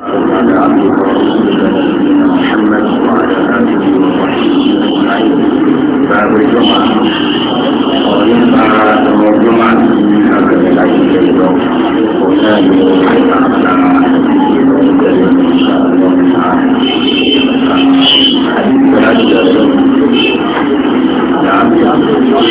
وعلى عبده ورسوله نبينا محمد وعلى اله وصحبه اجمعين باب الجمعه وينفع يوم الجمعه من هذا العيد الكريم وكان يوحي على الكريم ان شاء الله تعالى حديث العجله عن عبد الله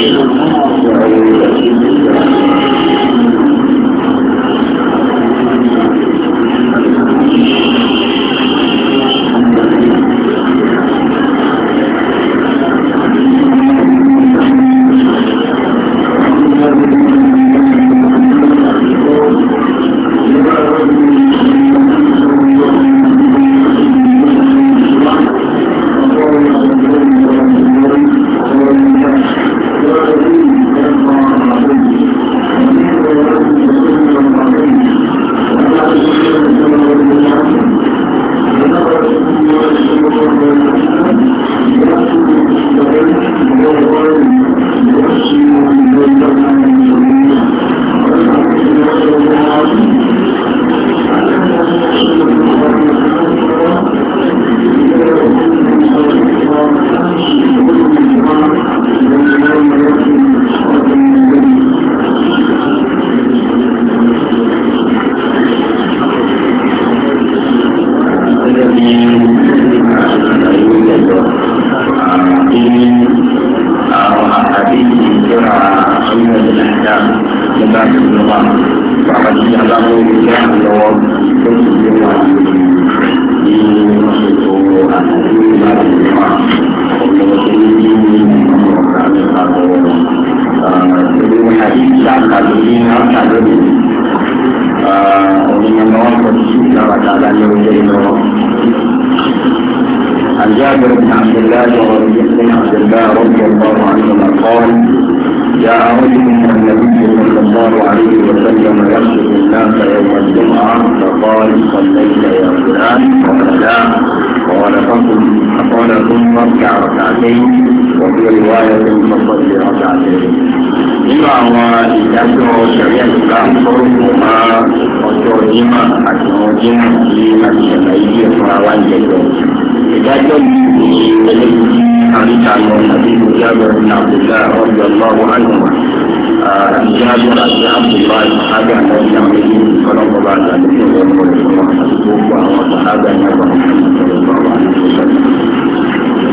جابر بن عبد الله صحابي عن النبي عليه الصلاة والسلام يقول وهو صحابي عن النبي صلى الله عليه وسلم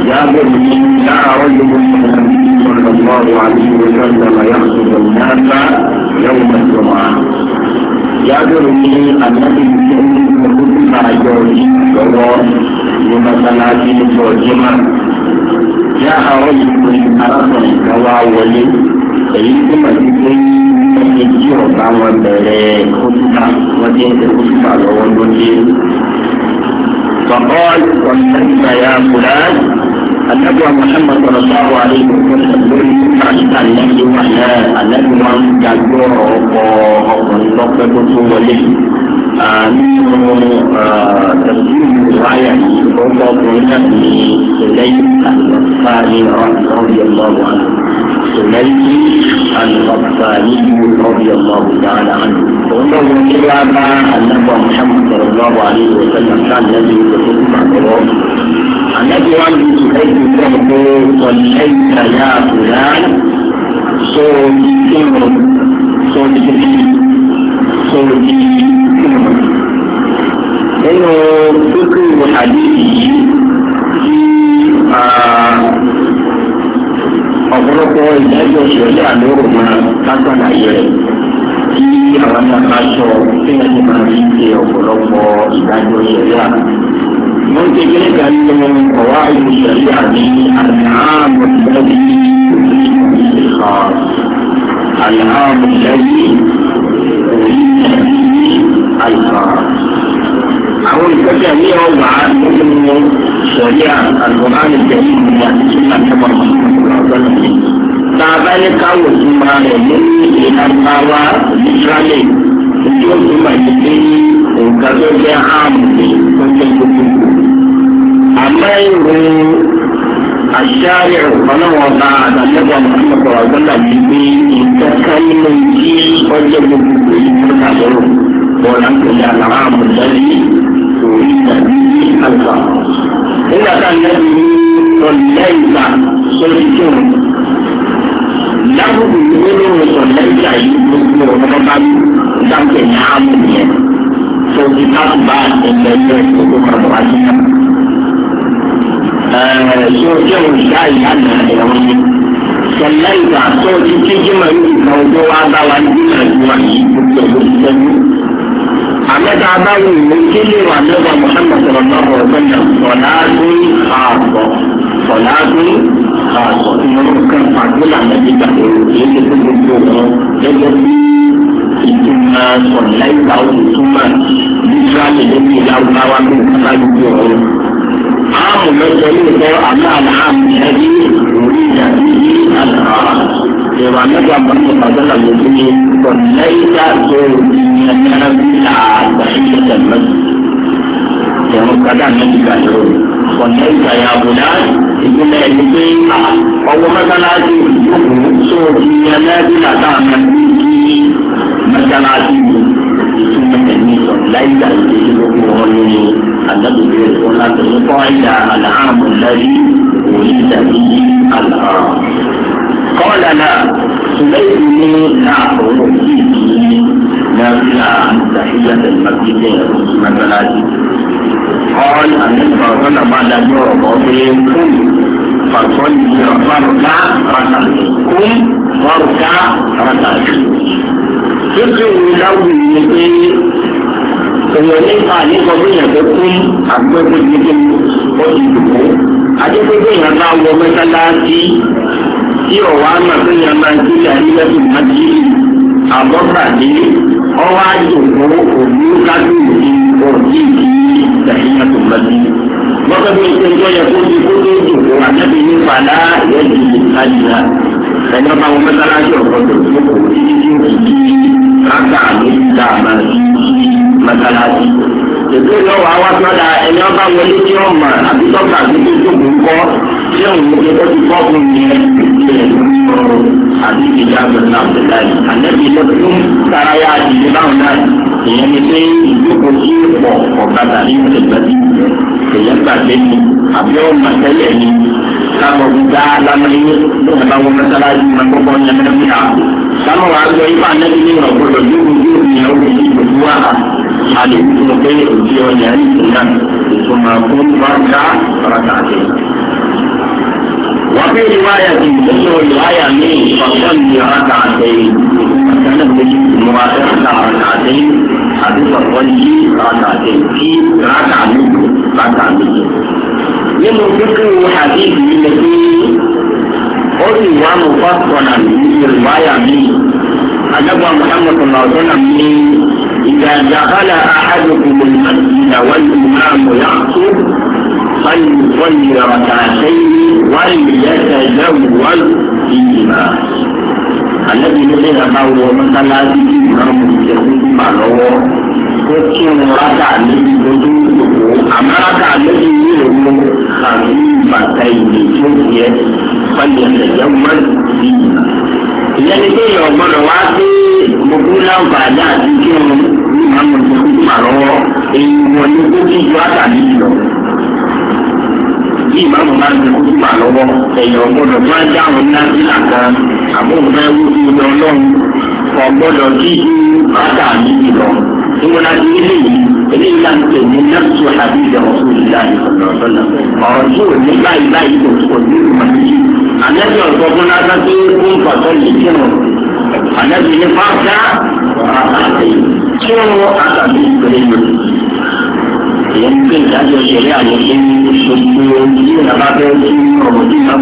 جابر دعا رجل النبي صلى الله عليه وسلم يخطب الناس يوم الجمعة جابر بن النبي صلى الله عليه وسلم لمثلات الجمعة جاء رجل من أرض كواولي فيجمع في èyí ọba wọn bẹ̀rẹ̀ kótópà wọn ti ń ṣe kótópà lọ́wọ́ lóde. فقال وسلم يا فلان النبي محمد صلى الله عليه وسلم lórí àṣìkà lẹ́yìn wà náà àlẹ́nu wọn gbàgbọ́ ọkọ̀ ọkùnrin lọ́pẹ́ tó tó wọlé. nínú tẹ̀síìlì yìí ó gbọ́ ọkùnrin الحنيف القبطاني رضي الله تعالى عنه وانه كتاب النبي محمد صلى الله عليه وسلم كان الذي يتكلم عن النبي عنده سكيت صليت يا فلان صوت كمر صوت كبير صوت كمر ọ̀pọ̀lọpọ̀ ìdájọ́ ìṣẹ̀lẹ̀ àlórò máa lágbàdá yẹ kí àwọn ní akáṣọ kéèyàn ti máa fi ṣe ọ̀pọ̀lọpọ̀ ìdájọ́ ìṣẹ̀lẹ̀ àná. wọ́n ti gbé ga nínú ọ̀wá ìlú ìṣẹ̀lẹ̀ àní àlàámù lẹ́bí àlàámù lẹ́bí òyìnbí àìsàn. àwọn ìtọ́jà ní ọgbà nínú sọ̀rí àlùkòrán ìjẹ̀yìn ìlú àti súnmọ́ ìjọba ọ̀sán tá a bá ní káwọ̀ tó máa rẹ̀ ní ìlànà wa ìsírálẹ̀ ojú ọ̀sán máa ti dé nǹkan tó jẹ́ ààmù tó jẹ́ gbogbo. àmọ́ ìròyìn àṣàrẹ̀ ọlọ́wọ́n bá àdàlẹ́wọ̀n ọ̀sán ọ̀sán láti gbé nǹkan kan nínú tí ọjọ́ gbogbo ìlú kàbọ̀rọ̀ bọ̀ọ̀lá nígbà tá ní ọ̀lẹ́ ìgbà Lábùkù ní gbólóhùn ọ̀lẹ́ ìgbà yìí gbogbo ọ̀rọ̀ bá mi dáńtẹ̀ ní àmì yẹn. Sọ̀rọ̀ ìgbà bá ẹ̀lẹ́ ilé ìgbòho kan wá sí náà. Ẹ̀ẹ́dẹ́gbẹ̀rún jẹ́ òṣìṣẹ́ ìyáàdà ẹ̀rọ mi. Sọ̀lẹ́ ìgbà sọ̀rọ̀ ti kéjì màá ní bá wa ní ìgbà ìgbà yìí gbogbo ọ̀rọ̀ ìgbà àmẹ́ta báwo ìlú kí lè wà lẹ́wà mọ̀sánmọ̀ sọ̀rọ̀ náà bọ̀ ọ̀gbẹ́nà sọ̀láàdé ààbọ̀ sọ̀láàdé ààbọ̀ ìlú kan pàdé làmẹ́bí gbàgbé èyí tó gbogbo wọn gẹ́gẹ́ bí ìtumọ̀ sọ̀lá ìgbà òtúmọ̀ bísíwájú lórí ìyáwó bí ìkàlá gbogbo ọ̀rọ̀. ààrùn mẹ́jọ yóò tọ́ àmọ́ àlàáfíà ẹbí orí ìyàtí yìí àlàáfíà ìrànlọ́gbà mọ́tò pàdé làmẹ́bí sọ̀lá ìgbà òtúmọ̀ أتنبع تحية المسجد ìrún kadà méjì kàdúró ọ̀nà ìgbà ya àbúdá ìpínlẹ̀ ẹni pé ọwọ́ mọ́sálásí ìjókòó tó di ẹlẹ́bílà táwọn kí mọ́sálásí ìtumọ̀ ẹ̀mí sọ láìka ìdílé lókè wọn ní àdàbòbí ẹ̀kọ́ láti ní kọ́ńdà àlàámù lẹ́rí òní ìdàbí àlàámù. kọ́ńdà náà sùlẹ́yìn ní ààrùn òkè ìdílé. نافلة عن تحية المسجد مثلا قال النبي صلى الله عليه وسلم بعد أن يعرض فصلي فركع ركعتين قم فركع ركعتين fífi ìdáwó yìí pé èèyàn nípa nípa bóyá tó kún àgbẹ̀kọ̀ dídí ọdún ìdìbò adébẹ́gbẹ́ yẹn bá wọ mẹ́tàláàtì tí ọ̀wá máa bóyá máa ń gbé àríwá tó máa ọwọ́ àìsòkò òní kábíyèsí òní ìdí ìdàgbìyà tó lọ́dún. lọ́kọ̀ bí ṣe ń yẹ kó ti kó tó jòkó àjẹ́bí ní padà ìyẹ́dì ìdíkàjìlá ẹ̀yọ́ bá wọn mẹ́tàlá sí ọ̀pọ̀ tó tó kò ní ìdí òkìkí káàkà ló ti dá àmà mọ́sálásí. Ètò ìlọ́wọ́ àwa sọ́dà ẹni ọba wọlé tí ó mọ̀ àbí sọ́kà tó tó tóbi kọ́ tí òun ti kọ́ ti kọ́ fún mi ẹ̀ àbí ìjà àgbẹ̀sán àbẹ̀sán yìí. Àlẹ́bí ló tún tara yá àdìyẹ báwọn náà ìyẹn ni pé ìjókòó sí pọ̀ ọ̀kadà ní ìtẹ̀gbẹ́sí. Èyẹ́ gbàgbé ni àbí ọ̀mà tẹ́lẹ̀ ni kábọ̀ gbígbá lámàlẹ́ lóun bá wọn mẹ́sàlájú máa kọ́kọ́ ní ẹgbẹ́ mìíràn. sáwọn wàá gbọ́ ipá nẹ́bí ní ọ̀gbọ́dọ̀ yóò yóò ní ọ̀gbọ́n yìí kò tó wà á lè wú fún pé òjì ọjà yìí kò náà ìtumọ̀ fún bàtà bàtà àti. wọ́n fi ìwáyà ti nínú ìwáyà ní ìfọ̀sọ́nù bàtà àti àti sọ̀tọ́ yìí bàtà àti nínú dúkìá hadith yìí lè fi ó sì wá mú fásitọ̀nà yorùbá yà mí alágbà muhammadu lọ́sọ̀nà mi ìgbà ìjàkálà àádọ́kùn mọ̀lẹ́mọ̀ ìdáwọ́ ìmọ̀ yàtọ̀ فليصلي ركعتين وليتزوج فيهما الذي يريد قوله مثلا يقول ما هو kókìrún rákà níbi gbogbo àmàlàkà lẹ́yìn ní òun kami bàtà ìlú tó yẹ pálí ẹ̀yà máa ń sí i. ìyẹn ní kéèyàn ọgbọ́dọ̀ wá sí gbogbo láǹfààní àti kí wọn ní màmú tó kú pàrọwọ èyí wọn ní kó kí ju àtàlí lọ. bí ìmáàmù bá ti kú pàrọwọ ẹ̀yìn ọgbọ́dọ̀ máa dá àwọn ńlá sí àkàn àbóńfẹ́ wúdú ọlọ́run ọgbọ́dọ̀ kí ju àtàlí lọ. ìwọ̀n àti ilé yìí eléyìí là ń pè ní nẹ́ẹ̀sù àbíjà ọ̀ṣunlá ìfọ̀nàfọ̀nà ọ̀rọ̀ tí ò ní báyìí báyìí kò tó ní ìmọ̀lẹ́sì àlẹ́bí ọ̀sọ́ fún lásán tó kún pàtó yìí kí wọn àlẹ́bí ní fáńtà àtàkì kí wọn àtàkì ìpèrè yìí. ìyẹn ń pè dájọ́ ìṣẹ̀lẹ̀ àwọn tó ń gbogbo ojú ìyàbá bẹ́ẹ̀ tí ọ̀rọ̀ tí ìyá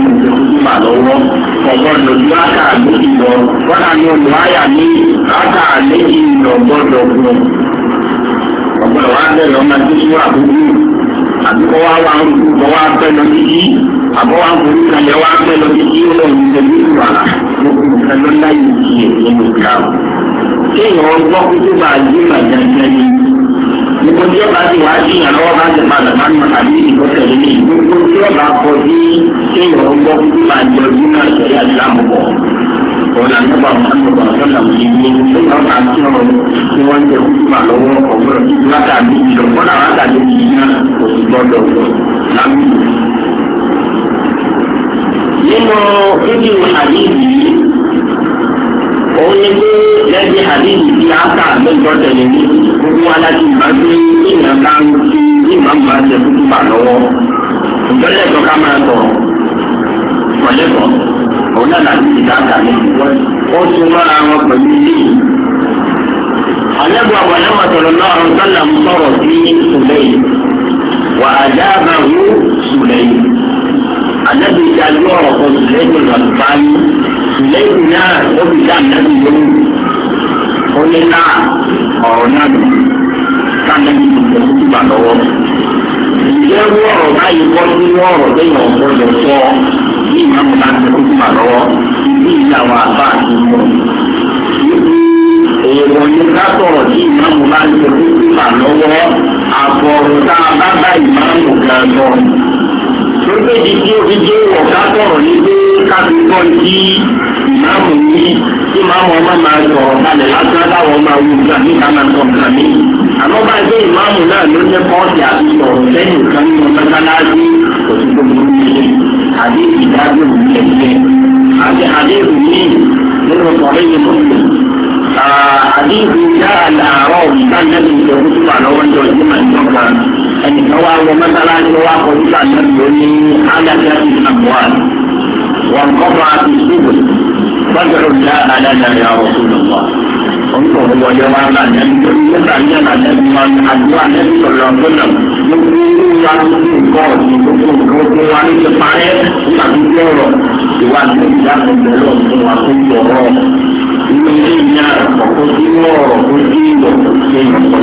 fún mi fún mà gbọ́dọ̀ wá bẹ̀rẹ̀ ọmọ ẹgbẹ́ sùúrù àbúrú àbí kọ́ wá wá ń kọ́ wá bẹ́ lọ títí àbọ̀ wá ń borí kalẹ̀ wá bẹ́ lọ títí ó lọ ní ẹgbẹ́ sùúrù àlà lókun ìfẹ́ ló láyé ìyè nínú ìgbà o. kéèyàn gbọ́ kó tó bá yé màjáde ni gbogbo tí ọba ti wá sí ìyàlọ́wọ́ bá ti padà bá ní àbí ìgbọ́sẹ̀ lé gbogbo tí ọba kọ sí kéèyàn gbọ́ kó tó bá yọ ọ̀nà nípa ọ̀nà ọ̀nà ìwé nípa àti ọ̀rọ̀ tí wọ́n jẹ́ òkúta lọ́wọ́ ọ̀gbọ́n látàbí ìjọ̀gbọ́n àwọn àtàlẹ́ yìí náà kò sì gbọ́dọ̀ lábí. nínú fídíò àdéhìí òun ni pé lẹ́yìn àdéhìí tí a kà lójọ́ tẹ̀lé ní gbogbo alájú ìbájú ìyàn bá ń fi ìmọ̀ máa ṣe kúkú bà lọ́wọ́ ìjọ́lẹ̀ tó ká máa tọ̀ ọ̀lẹ́kọ̀ọ́ òun náà láti ní ìwọ́n ó tún mára wọn pẹ̀lú ilé yìí. àlẹ́bù àwọn ẹ̀mọ̀tọ̀rọ̀ náà ọ̀rọ̀ sọ́là ń sọ̀rọ̀ sí sùlẹ̀yìn wà á dáàbà wú sùlẹ̀yìn. àlẹ́bù ìdájú ọ̀rọ̀ kan sùlẹ̀yìn lọ́sùpá ní sùlẹ̀yìn náà ó fi dá àlẹ́bù lóhùn. ó ní náà ọ̀rọ̀ náà lò sálẹ́bù ìgbà lọ́wọ́. ìjẹ́rú tí ìmáàmù bá ń tẹ kókó mà lọ́wọ́ ní ìyàwó àbá àti ìmọ̀. Èèwọ̀ ni ká sọ̀rọ̀ tí ìmáàmù bá ń tẹ kókó mà lọ́wọ́ àbọ̀rọ̀ tá a bá bá ìmáàmù gan lọ. Lókèjì tí ó fi dé wọ̀ ká sọ̀rọ̀ ní pé ká fi gbọ́ sí ìmáàmù yìí tí ìmáàmù ọmọ máa sọ̀rọ̀ kalẹ̀ lásán mí. Àmọ́ bá dé ìmáàmù náà ló jẹ́ kọ́ọ̀tì àti sọ̀rọ̀ lẹ́yìn kan nínú mẹ́tálásí òṣìṣẹ́ àdéhùn ìdájọ́ òní ẹ̀jẹ̀ àti àdéhùn ní nínú sọ̀rọ̀ yìí mọ́tò. àdéhùn dá àlàárọ̀ ìdánilẹ́nu ìjọba tó wà lọ́wọ́ ní ọjọ́ ìjọba ẹnìkan wá wọ mẹ́tàlá ní wọ́n akọ nípa ìjọba ní ágájá ti àbúrò wọn kọ́ máa fi síbò wọ́n jọ̀rọ̀ dá àlàárọ̀ ìdánilẹ́nu onítọ̀hún wọlé wa ńlá ní ẹni tó ní nígbà ní ẹ̀ka ní ẹni wọn àdúrà ní ẹni sọ̀rọ̀ ọ̀gbọ́nà ló fi irú wa ní nǹkan ọ̀sìn gbogbo nǹkan ogun wa ní ti parẹ́ nígbà tó dé ọ̀rọ̀ ìwà àti ìyá ọ̀gbọ̀n lọ fún wa tó yọ ọ̀rọ̀ inú ilé ìyá ọ̀pọ̀ tí wọ́ọ̀rọ̀ tó dé ìwọ̀ tó ṣe ìyọ̀pọ̀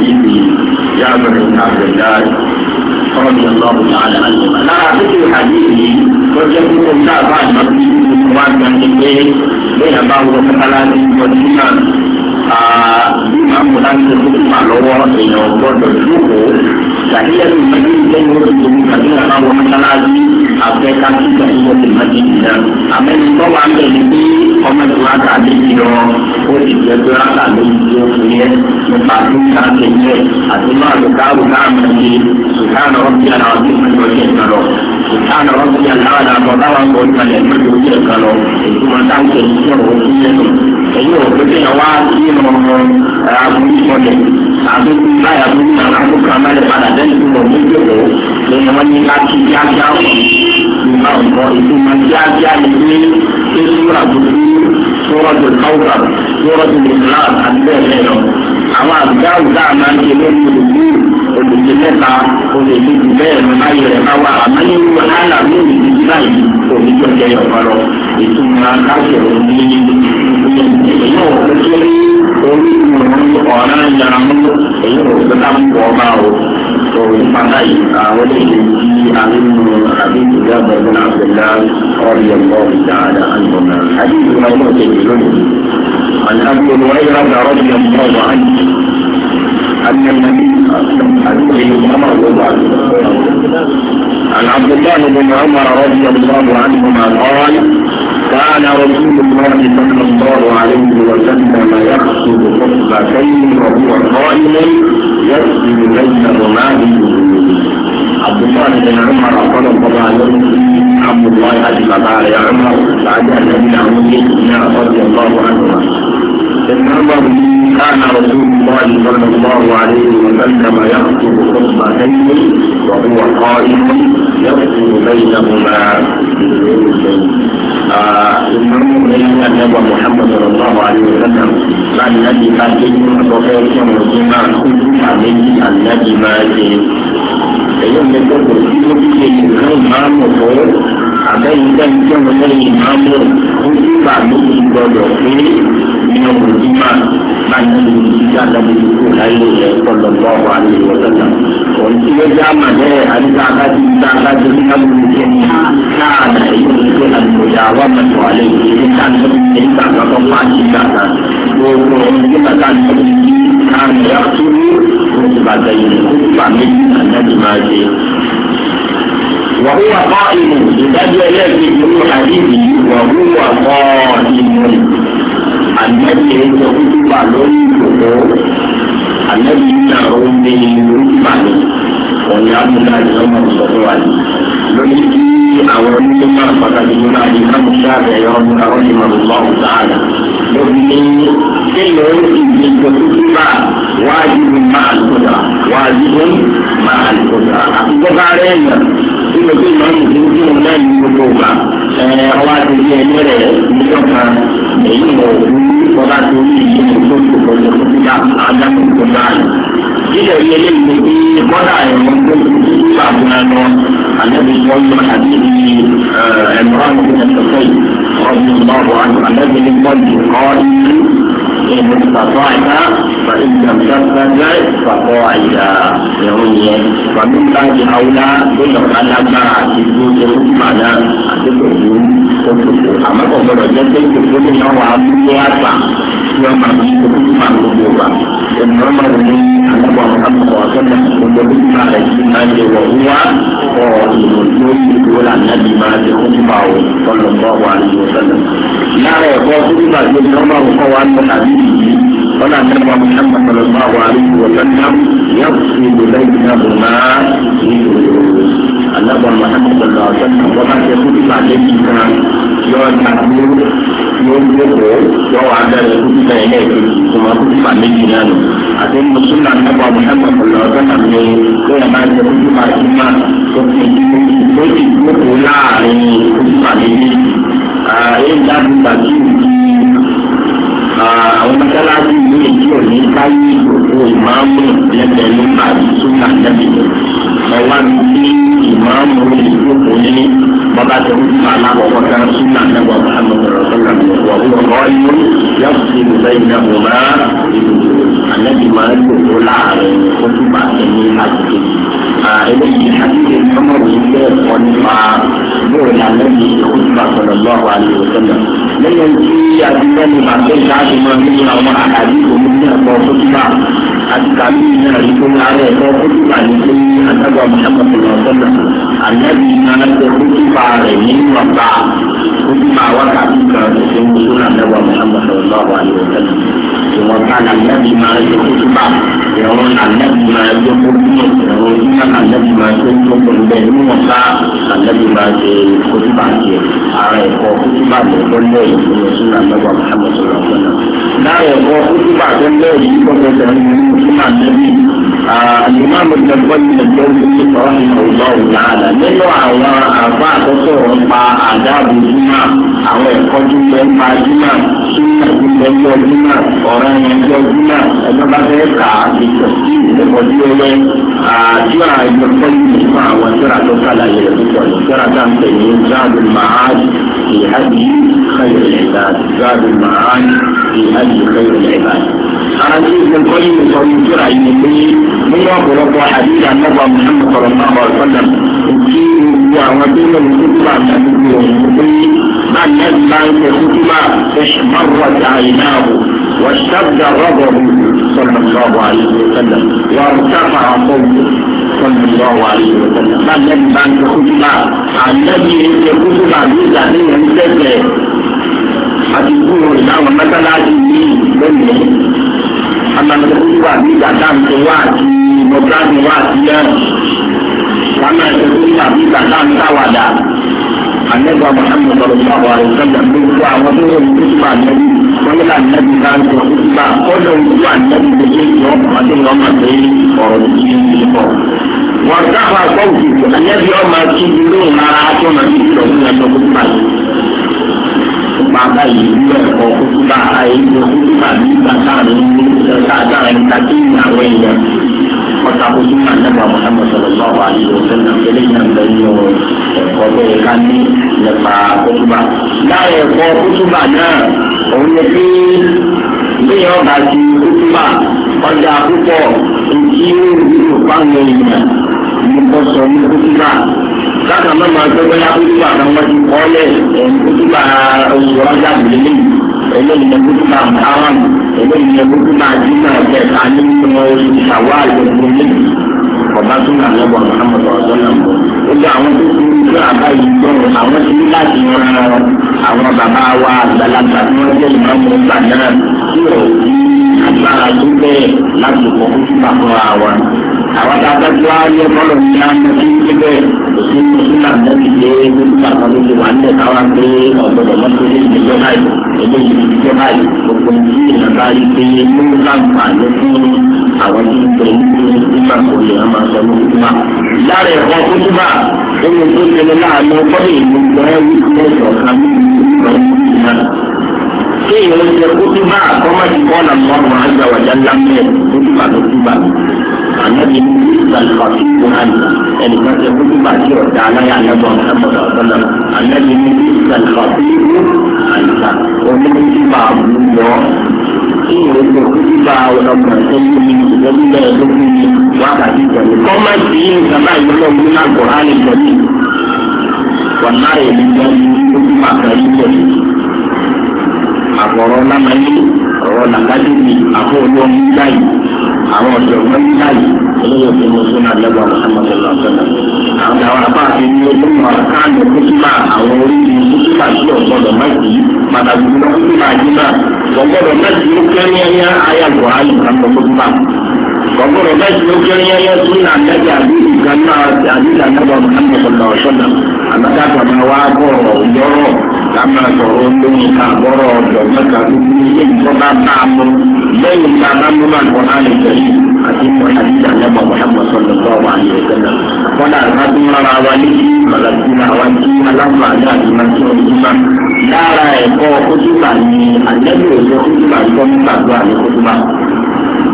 ìgbọ̀n yà bẹ̀rẹ̀ ní àgbẹ̀dá رضي الله تعالى عنه لا أعطيك حديثي وجب أن تعفى المسجد المسلمات من البيت بين بعض الفقرات والسنان bí màá mú láti tó kúmà lọ́wọ́ èèyàn ìgbàlélẹ́nu ìlú lẹ́nu oṣù tó ń gbàgbé àwọn ọmọ mọ́sálásí àfẹ́ká sí ìgbàlélẹ́nu ìlú máa ti di náà. àmẹ́ni tó wà ń bẹ̀ ni pé ọmọ ìlú àgbà lè fi lọ ó sì jẹ́ pé àgbà ló ń di oṣù yẹn nípa tó ń ta tẹ̀lé àti máa lò káàrò káàmù ṣe sùkánà ọ̀bí aláwọ̀ tó ń lọ sí ẹ̀ka lọ. sùkánà ọ̀bí aláwọ̀ làbọ̀ báwọn kò ń kalẹ̀ lójú ojú ẹ̀ka lọ ìtumọ̀ táwọn kẹ̀ ń sọ̀rọ̀ ojú yẹn lọ. èyí ò pé kéèyàn wá sí ọmọ àbúrò ìmọ̀lẹ̀ àbúrò láyà àbúrò àwọn àbúrò kan má ìtumọ̀ méjì lọ lẹ́yìn wọn ní láti jájá ìgbà ọ̀gbọ́n ìtumọ̀ jájá ìgbé ṣé súra tuntun súra tó káwùkà súra tó lè fúlà àti bẹ́ẹ̀ bẹ́ẹ̀ lọ. àwọn àgbáwò tá máa ń ṣe lórí olùdí olùdí mẹ́ta olùdí jù bẹ́ẹ̀ lọ láyé rẹ̀ káwá àmọ́ nínú àlà ní olùdí báyìí sọ̀rọ̀ nípa báyìí àwọn eléyìí tí a ń mú àbíkú dábọ̀ ní àbẹ̀lá ọ̀rọ̀ ẹ̀kọ́ ìdáadá àgbọ̀nà àbíkú máa ń mọ̀ tẹ̀lé lónìí. عن ابي هريره رضي الله عنه ان النبي حديث عمر وضعه عن عبد الله بن عمر رضي الله عنهما قال كان رسول الله صلى الله عليه وسلم يخطب خطبتين وهو قائم يسجد بين رماده عبد الله بن عمر رضي الله عنه عبد الله بن عمر يا عمر بعد ان ابن عمر رضي الله عنهما ابن عمر كان رسول الله صلى الله عليه وسلم يخطب خطبتين وهو قائم يخطب بينهما بالعلم ìmọ̀mù ní àjẹbọ̀ Muhammad sallallahu alaihi wasallam láti láti ní ọ̀fẹ́ tí máa kú àléjì àléjì máa ṣe. èyí ò ní kó kò ṣe ìlú ìmáàmù tó àbẹ́yìn sẹ́yìn tí wọn lè ìmáàmù ó gbọdọ̀ pé ní máa láti ṣe ìdíjà lọ́dún kó èyí yóò jẹ́ àmà bẹ́ẹ̀ àdúgbò àkájú ìgbà àkájú oníkàlùkù jẹ́ ní láàdá èyí tó ń gbé àgbòyà wà mẹ́tò àlẹ́ èyí káàdì èyí kàkà tó pàṣẹ ìgbàgbà gbogbo ẹni kàkà tó ti di káàdì àtúrú oṣù bàtà yìí oṣù bàmí àjáde máa ṣe. وهو قائم يدعي يجب من حديثه وهو قائم النبي يجب لوري النبي يجب لوري òun ni amúdá ọmọ ìsọ̀rọ̀ wa lórí bí àwọn onílé máa pàtàkì ló máa di káàmù sáàbì ẹ̀yọ ọdún lọ́wọ́ sáàbì lórí ní kílò ìdí ìgbòkútù bá wájibu máa lùkọ̀dà wájibu máa lùkọ̀dà àtijọba rẹ̀ nà nínú pé màá mú kí wọn náà ní gbogbo ọgbà ọwọ́ àti ilé ẹni rẹ̀ níjọ́ kan èyí mọ̀ òkú ọba tó ní ìdí ìgbòkútù kọjá kọjá àdámù kọjá yìí. Jíjẹ̀ yẹlé ìgbòkútù kọ́dà ẹ̀wọ̀n tó ti kú àbúrò náà àlẹ́ يوم حديث عمران بن الحصين رضي الله عنه عن الذي قال إن استطعت فإن لم تستطع فقاعد يوميا ومن بعد أولى بلغ على ما أتيتوه معنى أتيتوه أما قبل رجل تلك الدنيا وعطيه أربعة yóò máa lọ sí ojú máa lọ sí ọba ènìyàn máa wọ ní àgbà àkọ́kọ́ àgbà ọjọ́ bí máa rẹ̀ sí máa lè wọ̀ wá ọ̀ ìlú lórí ìdúró làǹdàbí máa lè kó bá o tọ́lọ̀ bọ́ wa ní ọ̀sẹ̀ náà. lára ẹ̀kọ́ tó bí bàjẹ́ ìjọba òkọ́ wa ń lọ tàbí ìdí ولا نبى محمد صلى الله عليه وسلم يغسل بينهما النبى محمد صلى الله عليه وسلم وما يقول بعدين كان يوم تعبير يوم يقول يوم عدا يقول بينه ثم يقول بعدين كان àdéhùn mùsùlùmí àtàwọn àbùsàmù ọ̀pọ̀lọ̀ ọ̀gọ́nà mi kó ẹ̀ máa ń jẹ kókó máa ti máa tó fi tó ti gbókòó láàrin kókó àdéhùn. Ààyè ìdáàbò gbàgbé ìlú àwọn mọ́sálásí ní èyí ò ní báyìí ìgbòho ìmáàmù lẹ́gbẹ̀ẹ́ ní pàdé súnà lẹ́gbẹ̀ẹ́ ọwọ́ mi tí ìmáàmù ìjókòó ní bàbá tó ń fa alákọ̀ọ́kọ́ kan súnà lẹ́gbẹ̀ẹ́ bàbá mi lọ́rọ̀ sọ́nà mi wà wọ́n kọ́ inú yọ̀sí ìgbẹ́ ìdàbò bá ìdòdò àlẹ́bí máa ń gbòho láàrin ó túbà pàṣẹ ìdájọ́ máa ń gbé àwọn àkàlí òun ní ẹ̀kọ́ kótópà àtìkàlí ní àdìgbò ààrẹ ẹ̀kọ́ kótópà ní pé àtàgbà mùsàmùsù lọ́sọ̀nà àlẹ́bí náà ṣe kótópà rẹ̀ ní wàgbà kótópà wákàtí kan ṣe ń sún àtàgbà mùsàmùsù lọ́wọ́ àlẹ́ ìwọ̀n bá lànàbí máa yọ kótó bá ìrọ̀rùn lànàbí máa yọ kótó bá ìrọ̀rùn yíyá lànàbí máa yọ kótó bá ìwọ̀n bá lànàbí máa yọ kótó bá tiẹ̀ ara ẹ̀kọ́ kótó bá lẹ̀ tó lẹ̀ ìfúnni sí lànàbí Muhammad sọ̀rọ̀ ọ̀gbọ́n náà. lára ẹ̀kọ́ kótó bá tó lẹ̀ yìí kọ́ الإمام ابن القيم الجوزي رحمه الله تعالى nínú àwọn àbá àkọ́kọ́ ọ̀pá àdáàbò júmọ̀ àwọn ẹ̀kọ́ tó ń bẹ́ẹ̀ pa júmọ̀ súnmọ̀ tó ń bẹ́ẹ̀ yọ júmọ̀ ọ̀rọ̀ yẹn yọ júmọ̀ ẹgbẹ́ bá fẹ́ kà á ti tọ̀ sí ìdẹ́kọ̀ tí ó yẹ àdúrà ìgbẹ́ pẹ́lú nípa àwọn ìṣẹ́ra tó kàlàyé rẹ̀ tó tọ̀ ìṣẹ́ra tá à ń pè ní záàbù màáj ìhàdí kẹyọ̀ ìlà nínú ọ̀pọ̀lọpọ̀ àdúrà nípa Muhammad sọ̀rọ̀ náà wà sọ́dọ̀ kí gbogbo àwọn tó lọ sí kúbà àti gbogbo òun pé bá nẹ́ẹ̀sì bá ń pẹ̀ sí kúbà ẹ̀ṣẹ̀ máa wọ̀ sí àyínà o واشتد غضبه صلى الله عليه وسلم وارتفع صوته صلى الله عليه وسلم بل لم بانك خطبة عن نبي خطبة بيزا ليه انتبه àti kúrò láwọn mẹ́tàláàdì ní lónìí amadede wà ní ìgbàdá nǹkan wà àti mọ̀tàdì wà àti yẹn wàhálà ìṣẹ́jú wà ní ìgbàdá nǹkan wà dà anẹ́gbà Muhammad ọ̀rọ̀gbà wà lọ́sọ̀gbà ló fún àwọn tó wọ́n tó fún ànẹ́bí wọ́n ní ànẹ́bí náà ń sọ fúnpa kọ́dọ̀ ń fún ànẹ́bí lókè tí wọ́n ara tó máa ti sọ fún nípa báyìí bí ẹ̀kọ́ kútúbà àìsí kútúbà bí bàtà rẹ̀ ní ìṣẹ̀ṣáàjà rẹ̀ tàbí ìyàwó ẹ̀yẹ. ọ̀tà kútú máa nẹ́gbà mọ̀nàmọ̀ sọ̀rọ̀ bá wà nínú sẹ́nà tẹ́lẹ̀ náà bẹ́ẹ̀ ní ẹ̀kọ́ tó yẹ ká ní nípa kútúbà. láì ẹ̀kọ́ kútúbà náà òun ni pé bẹ́ẹ̀ ọ̀gá ti kútúbà ọjà púpọ̀ ìkí ó rí kákan máa máa gbé bóyá kútùbà kan wọ́n ti kọ́ lẹ̀ kútùbà oṣù ọjà gbélé eléyìí ni kútùbà mọ́hàn eléyìí ni kútùbà jìnnà kẹta nínú oṣù sàwọ́ àgbègbè lẹ́yìn ọba tún náà lọ́wọ́ Muhammadu ọ̀sọ́nà mọ́. ó jẹ́ àwọn tó ti ń gbé àbá yìí gbọ́n àwọn ti ní láti ran àwọn bàbá wa àgbàlagbà tí wọ́n jẹ́ ìmọ̀ ọmọ ìgbà náà tí àwọn tá a bá tó ayé fọlọ ní àná sí síbẹ̀ òsì mùsùlùmí àtẹ́bí ṣe é gbogbo àwọn tó ti wà ní ẹ̀ka wa pé ọ̀gbọ̀dọ̀ mọ́tò ní ìdíjọ́ báyìí eléyìí ìdíjọ́ báyìí gbogbo ìdí ìlànà yìí pé ló ń láǹfà ló fún àwọn tí ń pè ní nígbà tó lè ọmọ sọ ní kúkúmá. lára ẹ̀kọ́ kúkúmá ó ní kó tẹ̀lé láàánú fọ́lẹ̀ ìlú gbọ́n wípé kéèyàn ó ṣe kútúbà àkọ́mọ̀tì kọ́nà mọ́rùn àgbà wàjà ńlá mẹ́rin kútúbà ló kútúbà ànábi sàlùfàtì kúhánì ẹnìkan ṣe kútúbà tí ọ̀dà aláya ànábọ̀ ọ̀sánbọ̀dọ̀ ọ̀sánbọ̀ ànábi sàlùfàtì àìsà oníkútúbà àbúlọ kéèyàn ó ṣe kútúbà ọ̀dọ̀gbọ̀n sẹ́yìn ní ìdẹ́gbẹ́ ẹ̀dógún ní wákàtí ìjọba kọ́mọ̀tì yìí ń sábà ìlọ́lọ́ àkọ̀rọ̀ lámàyé ọ̀rọ̀ làkàdébì àkọ́ olóhùn báyìí àwọn ọ̀jọ̀gbọ́n báyìí olóyè fún mi fún àlẹ́gbà mọ́tàmọ́tà lọ́sọ̀nà. àwọn àwọn abáàfin ní olóhùn àkáàlù kúkúmà àwọn oríṣi kúkúmà sí ọ̀gbọ́dọ̀ májì pàtàkì lọ́kúkúmà yìí náà ọ̀gbọ́dọ̀ májì ló kẹ́ ní ẹ̀yà ayàgbọ̀ ayùkà lọ́kúkúmà ọgbọ́dọ̀ bá ti lójú ẹyẹ yẹ tún náà lẹ́bi àdúgbò kan náà àdúgbò àtàbà mọ̀nàmọ̀ sọ̀tà ọ̀ṣọ́dà àbájáde àmà wa bọ̀rọ̀ yọ̀rọ̀ lámà sọ̀rọ̀ lóyún ká bọ̀rọ̀ ọ̀dọ̀ mẹ́ta tuntun yé ìjọba bá a mú lẹ́yìn tá a bá mú máa kọ́ àlè tẹ̀lé àti àdúgbò àtàbà mọ̀nàmọ̀ sọ̀tà ọ̀wà àlè ọ̀ṣọ́dà kọ́dà àbájúmọ́ra wa ní màlàdúrà wa ní aláǹfààní àti màtúrọ̀dúnmá lára ẹ̀kọ́ kótóbà ní àjẹ́bí òṣèlú kótóbà ní kọ́mítà tó àlè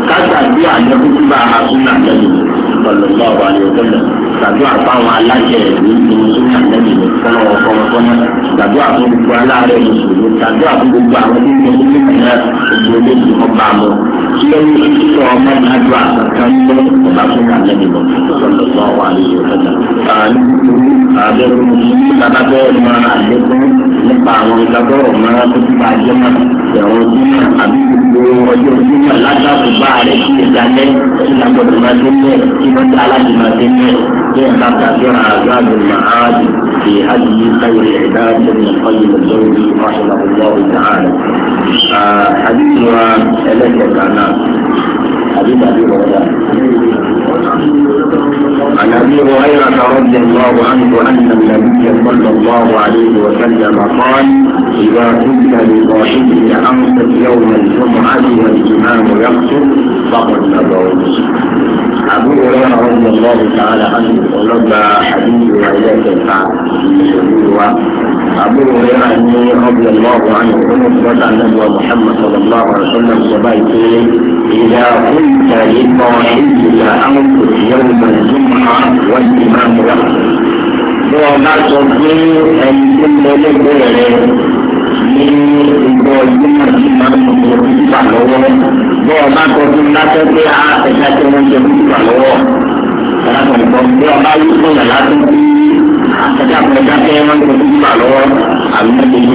ká gbàgbé àjẹkùtù bá a sún náà lẹ́yìn sallallahu alaihi wa sallam tàbí àfáwọn aláṣẹ ìlú tó ń sún àtẹ́bí ní kọ́nà ọ̀kọ́nà kọ́nà tàbí àfún gbogbo aláàárẹ̀ mùsùlùmí tàbí àfún gbogbo àwọn tó ń bọ̀ nínú ìlú ìlú olóògbé ọba mọ́ tí ó ní sísọ ọmọ ìdájọ́ àkàkàn mọ́ ọba fún àtẹ́bí lọ sallallahu alaihi wa sallam. àbẹ̀rù mùsùlùmí bàbá bẹ́ẹ̀ máa àlékún nípa àwọn ìdájọ́rọ̀ máa tó ti bàjẹ́ máa ẹ̀rọ júmọ̀ àbí gbogbo ọjọ́ júmọ̀ lágbàkú bá rẹ̀ sí ìdálẹ́ ìlànà ìgbàlódé lọ́jà láti máa ṣe ní ṣé ń bàtà síra àgbàdo màáàdì fi hajj káyọ̀ ẹ̀dá sẹ́yìn ọ̀yẹ̀ lọ́jọ́rì ọ̀ṣọ́lọ́wọ́ ìdáhàrẹ̀. àdìsí wa ẹlẹ́kẹ̀ẹ́ta náà àdìsí àdìsí ọ̀dà. عن ابي هريره رضي الله عنه ان النبي صلى الله عليه وسلم قال اذا كنت لصاحبك انصت يوم الجمعه والامام يقتل فقد نبوت ابو هريره رضي الله تعالى عنه ولما حديث وإليك الفعل أبو هريرة رضي الله عنه وقال النبي محمد صلى الله عليه وسلم وبيته إذا كنت لصاحبك انصت يوم الجمعة wọ́n ti máa ń wá. bí wọ́n bá sọ pé ẹni tó ń bẹ lẹ́gbẹ̀ẹ́ rẹ ní ìgbọ́ ìgbìmọ̀ tí máa ń mú ìgbà lọ́wọ́. bí wọ́n bá sọ pé látọ́ pé a ẹ̀ka tí wọ́n jẹ ìgbà lọ́wọ́. alákọ̀ọ́ ìbọn bí wọ́n bá yí fún yàrá tó bí ẹ̀ka àpẹẹrẹ kẹ́ wọ́n jẹ ìgbà lọ́wọ́. àlùmọ́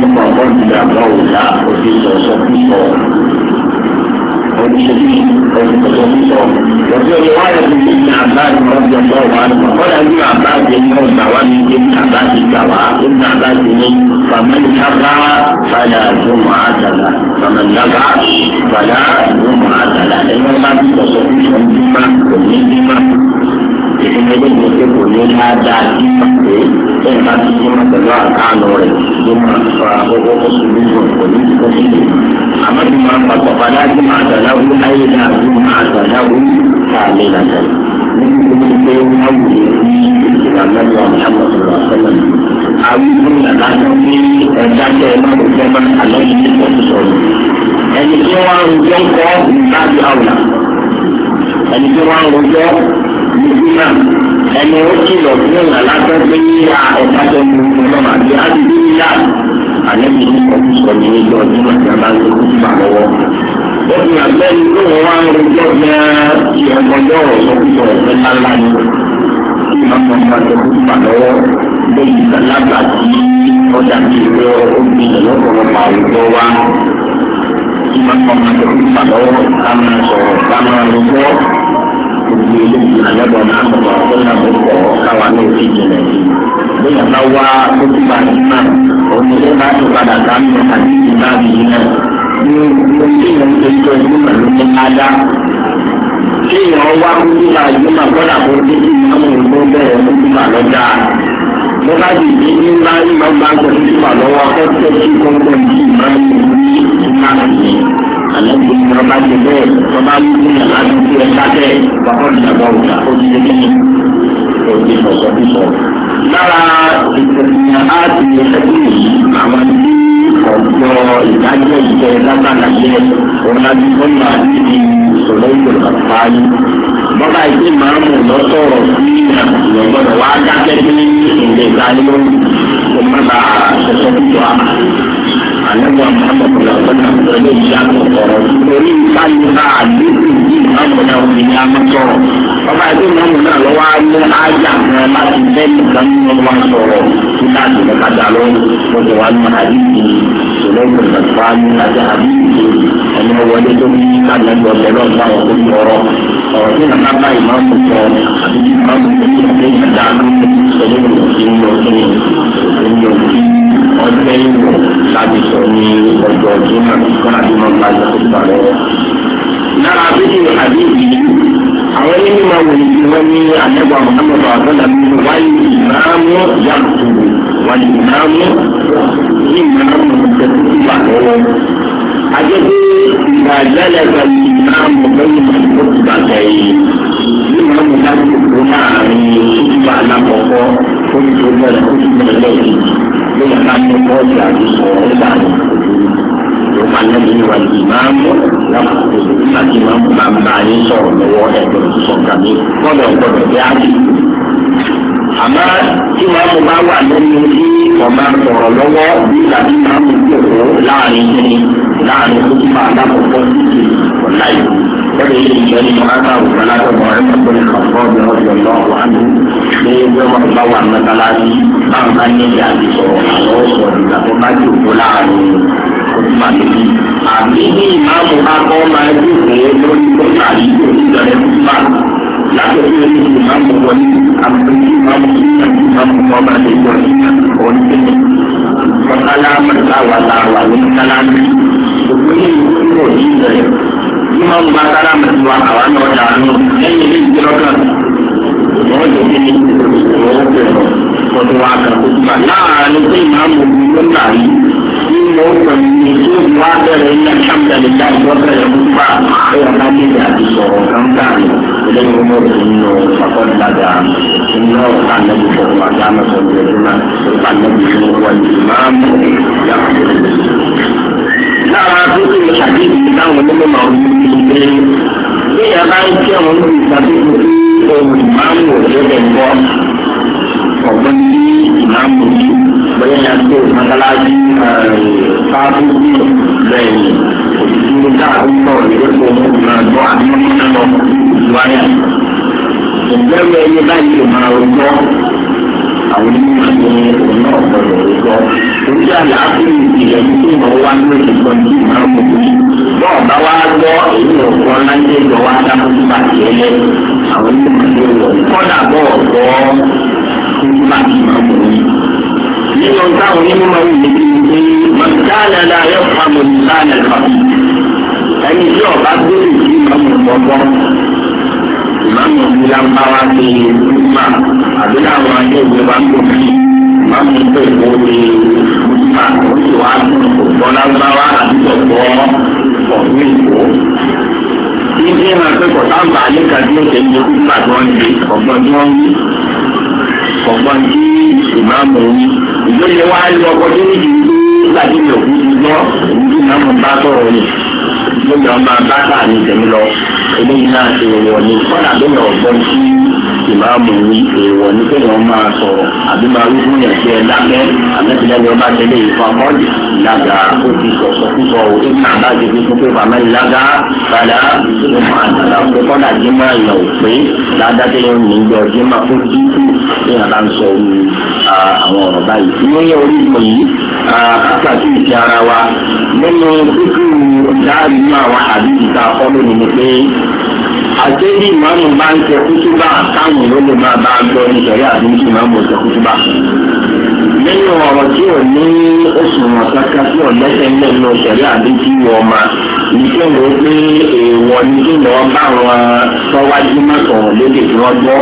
والشديد والمتوسط وفي رواية لابن عباس رضي الله عنه قال ابن عباس ينهى الدعوان ابن عباس الدعوة ابن عباس فمن نفع فلا جمعة له فمن نفع فلا جمعة له لأنه ما في تصريح الجمعة والجمعة ìdílé ní pé kò ní dáadáa sí pé bẹ́ẹ̀ bá ti dé mọ́tò lọ́wọ́ àkáànù rẹ̀ ló máa fa owó oṣù méjì kò ní kó sí lè àmọ́tí máa ń papọ̀ padà sí máa tọ̀láwó ayé náà sí máa tọ̀láwó káàlẹ́ lọ́sẹ̀. níbi tó ní pé wọ́n wù ní ìgbàlódé ọ̀nà àpọ̀tọ̀lọ̀ ọ̀sẹ̀lẹ̀. àwọn ìlú yàrá tó ní ẹ̀dá tẹ ẹ máa rògbẹ́ máa àlọ́ yìí tó ti sọ̀rọ̀. ẹni tí wọ́n rojọ́ ń kọ́ ìbáàbí àwòrán. ẹni tí wọ́n rojọ́ níbí náà ẹni ó kìlọ̀ fún ìyàrá tó gbé ní àlẹ́bí ní ọdún ní ilé ọdún àti abáyé kúkú bà ó fi hàn bẹ́ẹ̀ ni ń rojọ́ gan-an ìrọ̀mọjọ́ ọ̀sọ́kùsọ ọ̀fẹ́ lálá ni kí màmá máa jẹ kúkú bà lọ́wọ́ lóyún ìsàlábà tí ọjà ti rẹ obìnrin lọ́pọ̀lọpọ̀ àwùjọ wa kí màmá máa jẹ kúkú bà lọ́wọ́ ká máa sọ̀rọ̀ ká máa rojọ́ gbogbo eléyìí àlẹ́bọ̀ náà bọ̀ tó náà bó káwa náà fi jìnà yìí. Bóyá bá wá kókó bá ní mà, òní ló bá tó padà ká mi àti ìgbà mi yìí náà. Ní mo sì ń ṣe tó pẹ̀lú ní Ádá. Ṣé ìwọ̀n wá kókó bá yìí mà kọ́dà kó dé kí ìmọ̀ ìgbó bẹ̀rẹ̀ Mo bá dì bí ní ńlá ìmọ̀ gbàgbọ́ kókó lọ́wọ́ akẹ́kọ̀ọ́ alẹ́bí ọba ti bẹ́ẹ̀ ọba wíwú ní aládùn tí ẹ bá bẹ́ẹ̀ bàbá ìdàgbà òkà ó ti débi ní òde sọ̀sọ̀ bí sọ. lára ìtẹ̀síyàn á ti ẹbí yìí àwọn tí ọ̀dọ́ ìdájọ́ ìjẹ lábàlá yẹ ọ̀làjú ọ̀nà àti ìṣòro ìjọba fàáyé. bọ́lá ìdí màá mú lọ sọ̀rọ̀ sí ìyàgbọ́dọ̀ wá dákẹ́ bí ìgbésà yóò kó má bàa sọ̀sọ̀ bí àlẹ́wà mọ́tò lọ́sọ̀nà pẹ̀lú ìyàtọ̀ ọ̀rọ̀ lórí ìpalùbà àdéhùn yìí mọ́mọ́nà òmìnira mọ́tọ̀rọ̀. ọba ẹgbẹ́ mọ́mọ́nà lọ́wọ́ á mú ájà kan láti bẹ́ẹ̀ni kan ní wọn sọ̀rọ̀ tí láti lọ kájà lọ lọ́jọ́ wa ní àdéhùn ìṣòlóògùn nàìjíríà ní àjà àdéhùn ẹni wọlé tó ní kálẹ̀dọ̀ ọ̀bẹ̀rọ̀ ọ̀rọ̀ tí nàá bá ìmáàmù sọ àbí ìmáàmù tó ń ṣe ìdáná ìṣòlóògùn ìṣòlóògùn ìṣòlóògùn ọdún lẹ́yìn wò láti sọ ní ọjọ́ ọdún náà kọ́nà tí wọ́n bá yọ ọgbà lọ́wọ́. lára abéjì àdéhùn yìí àwọn ẹni máa wò ní wọ́n ní àtẹ́gbà mọ̀tàmọ̀tà àgbàdà nínú wáyé ìmáàmù yàtò wà ní ìmáàmù ní ìmáàmù tẹ̀síwà lọ́wọ́. àjẹpé ìgbàjálẹ̀ kan ní ìmáàmù lẹ́yìn ìgbàjálẹ̀ yìí ní ìmáàmù láti kó máa kóso mẹ́rin kóso mẹ́rin lẹ́yìn ló yẹ ká ní bọ́ọ̀lù àdúgbò ọ̀rẹ́dà ní yóò máa lẹ́nu ní wa yìí máa ń bọ̀ lápapọ̀ nígbà tí máa ń bá ń bá yín sọ̀rọ̀ lọ́wọ́ ẹ̀gbọ́n sọ̀kàmí àmọ́ tí wọ́n mú bá wà lórí tí ọ̀gá sọ̀rọ̀ lọ́wọ́ nígbà tí máa mú jòkó láàrin kíni láàrin kúkúmọ̀ alákọ̀ọ́kọ́ títí ọ̀la yìí wọ́n lè ṣe ìjọ nínú aká òkú alákọ̀ọ́kọ́ rẹ̀ pẹ̀lú ìkọ̀kọ́ bí wọ́n ti lọ wà ní pé bí wọ́n bá wà mẹ́tàláṣí báwọn bá ní ìyá àti sọ̀rọ̀ àwọn sọ̀rọ̀ ìgbà tó bá jòkó láàrin kúkúmọ̀ àlejò àbí ní ìmáàmù akọ́ máa jòkó lórí látọ̀bí ẹni tó máa mú wọlé àbúrú máa mú sílẹ̀ tó máa mú ọba lè wọ ọ̀rọ̀ tẹ́lẹ̀. Bọ́tálá mẹ́tàwá làwà ló ń tálá ní. Òpin ìwúrò yìí rẹ̀. Bí wọ́n gba tálá mẹ́tàwá àwa náà dà nù. Lẹ́yìn ilé ìjọkàn, wọ́n lè fi ìwọ́n bẹ̀rọ̀ ọdún wa kan. Láàárín pé ìmáàmù mi ló ń dà yìí. Bí mo pẹ̀lú ìṣòwò wa bẹ̀rẹ̀ ní àṣàmìlẹ̀ fà ẹ̀yà bá àti sọ̀rọ̀ kan báyìí lẹ́yìn ọmọ rẹ̀ nínú ìfàkọ́dàdà iná ọ̀tá lẹ́yìn sọ̀rọ̀ àgbà mẹ́sàn-án ìrẹ̀dúnà ìfà lẹ́yìn sọ̀rọ̀ wà ní ìmáàmù yàtọ̀ gbogbo dáa tó ń sọ̀rọ̀ ìrẹ́pọ̀ ọmọ ìgbà tó àbí wọn ń lọ wáyà. ìgbẹ́rù ẹyẹ báyìí ló máa ń gbọ́ àwọn onímọ̀ ní òun náà gbọ́dọ̀ ló gbọ́. orí àlàáfíà ìpìlẹ̀ yìí tó mọ̀ wá ní èdè kan tí ìmọ̀ ọmọ kò sí. bọ́ọ̀ bá wá gbọ́ èyí ọ̀kan láyé lọ wá dáná sí bàtì ẹlẹ́ àwọn onímọ̀ ní òun kọ́dà bọ́ọ̀ gbọ́ kúkú bàtì ìmọ̀ ọmọ yìí. nínú táwọn onímọ̀ wù mí kí n pé mọ̀tálẹ̀ la yẹ ẹni tí ọba gbèrè sí ìmọ̀mù gbọ́gbọ́ ìmọ̀mù ìlànbára ti gbà àbí láwọn ayé ìjọba ń gbòmí ìmọ̀mù tó ìbò ti gbà ó sì wá gbọ́n ọ̀gbọ́n lágbára àti ọ̀gbọ́n ọ̀gbọ́n ìbò. Ibi ìran pé kò sábà ayé kan tí ó ṣe ń dojú pàtó ń di tí wọ́n wí ọ̀gbọ́n tí ìmọ̀mù wí. Ìgbésẹ̀ wa ń tó ní ìdílé láti lè kú ìgbọ́ ìdílé náà mọ̀ bá sọ̀rọ̀ yìí lóyún ọmọ bàbá mi tẹ̀mí lọ eléyìí náà ti wọ̀ ní kọ́nà lóyún ọ̀gbọ́n tí ìmáàmù yìí èèwọ̀ ní kéèyàn máa sọ̀rọ̀ àbí máa wí fún yẹn pé ẹ dákẹ́ àmẹ́tìlẹ́yìn ọba tẹ́lẹ̀ ìfọkọ́jì lága ó ti sọ̀sọ̀ púpọ̀ ó ní àbájẹ fi fún pé bàmá lága padà ó máa dàgbà pé kọ́dà jimá yàn ò pé ládàkẹ́ yẹn ní ìjọ jimá fún jíjù ní àbá ń sọ àwọn ọ̀rọ̀ báyìí. ìwé yẹn orí ìmọ̀ yìí àkàtì ìtì ara wa nínú kíkú dáàbì àwọn àdìsí ta fọ́lọ́ àtẹ́bí ìmáàmù bá ń tẹ kútúbà táwọn ló lè máa bá a gbọ́ nítorí àti ní kí ìmáàmù tẹ kútúbà. nínú ọ̀rọ̀ tí ò ní òṣùwọ̀n kankan tí ọ̀lẹ́sẹ̀ ń lẹ́nu ìṣẹ̀rí àti tí wọ́n ma ní kí wọ́n pé èèwọ̀ ní kí wọ́n bá wọn tọ́wájú má sọ̀rọ̀ lédè tí wọ́n gbọ́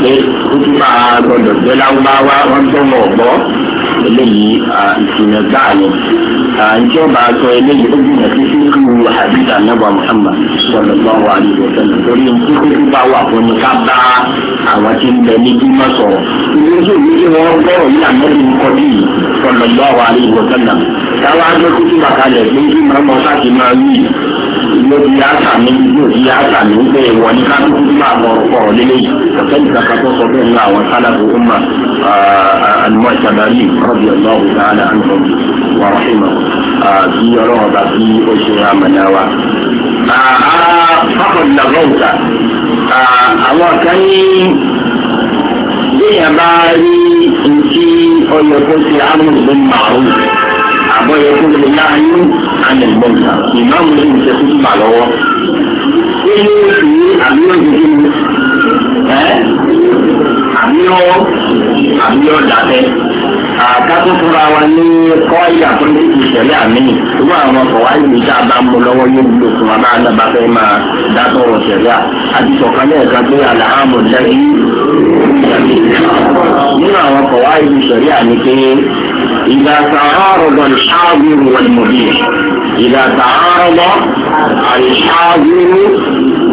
pé kútúbà gbọ́dọ̀ gbẹ́láwá wọn gbọ́ eléyìí ìsìnà gbáàyè ǹjẹ́ ọba àjọ eléyìí ó gbìyànjú sí fífi wu àdìsá nàbà Muhammad sọlọ lọ́wọ́ àdìsá sọlọ torí nǹkan tó ti bá wà fún mi ká bá àwọn tí ń bẹ ní bímọ sọ̀rọ̀ ìgbésẹ̀ yìí tí wọ́n gbọ́rọ̀ yìí àmọ́bí nǹkan bí sọlọ lọ́wọ́ àdìsá sọlọ táwọn àjọ tó ti bàtà rẹ̀ pé kí màmá ọ yóò di yáàtà mi yóò di yáàtà mi pé ìwọ ní kálukú fún àwọn ọ̀rọ̀ lélẹ́yìí ọ̀sẹ́ni kankan tó sọ bẹ́ẹ̀ ní àwọn sálàbù ọmọ àlùmọ́ ìsàdárì rọ́bì ọ̀dọ́ ọ̀gá àlẹ́ àlùmọ́ wàrà ìmọ̀ bí ọlọ́wọ́ bá bí ó ṣe àmàlà wa. ara fáfọ̀ ìlànà òkà àwọn kan téèyàn bá rí ìtí ọyọ tó ti amúlùmọ́ màrún àbọ̀yọ tó ti láàyè àlẹ́gbọ̀nsà ìmáàmù ní ìṣe tó bà lọ́wọ́. ṣé yóò fi àbí òjijì mi ẹ́ àbí ọ́ àbí àkàtún fúnra wa ní kọ́ ìyá tó ní ìṣẹ̀lẹ̀ àmì ìwé àwọn ọkọ̀ wáyé mi tá a bá mú lọ́wọ́ yóò wúlò fún wa bá a nàbà fẹ́ máa dátọ̀ ọ̀rọ̀ ṣẹ̀lẹ̀ àti sọ̀kan ní ẹ̀ka pé àlàámù lẹ́yìn nínú àwọn ọkọ̀ wáyé mi ṣẹ̀lẹ̀ àmì pé ìgbà sàárọ̀ lọ ìṣáàgùrù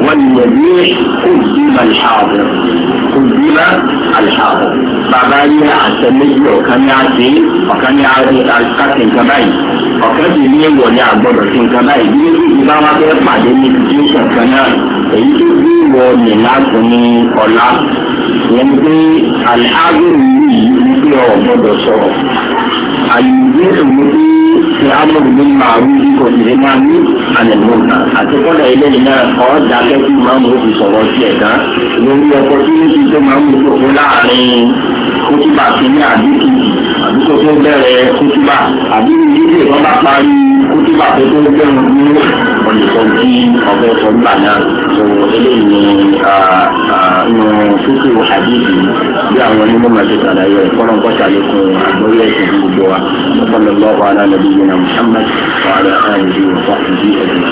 واليمين قدم الحاضر قدم الحاضر bàbá yẹ àṣẹ méjì ọ̀kan ní àṣẹ ọ̀kan ní àṣẹ nǹkan báyìí ọ̀kan sì ní èèwọ̀ ní àgbọ̀dọ̀ sí nǹkan báyìí bí èyí bá wá fẹ́ pàdé ní situation kan náà èyí tó bí ìwọ nìlá fún ní ọ̀la wọ́n pé àlhágùn yìí ní pé ọ̀ gbọ́dọ̀ sọ̀rọ̀ àyùgbé òun pé ṣe amúlù ní màálù bí kò sì lè máa ní àlẹ́mọ́nà àti kọ́dà ilé yìí náà ọ̀ dákẹ́ tí màá mú òfin sọ̀rọ̀ sí ẹ̀dá lórí ọkọ̀ tí ní ti tó màá mú òfin láàrin kótóbà kínní àdúgbò àdúgbò tó bẹ̀rẹ̀ kótóbà àdúgbò yìí lè wọ́n bá parí kótóbà tó tó bẹ̀rù ní ọ̀nìkan tí ọ̀bẹ sọ̀gbà náà tó eléyìí ní nù fúkú sọ̀rọ̀ àdìsí bí àwọn onímọ̀ máa ṣe ṣàlàyé rẹ̀ kọ́nà kọ́ ṣàlékún àgbóyè ẹ̀sìn fún gbogbo wa ọ̀pọ̀lọpọ̀ àwọn alábìyìn náà Muhammad wàhálà àìsí wọ̀ fún àìsí ẹ̀dùn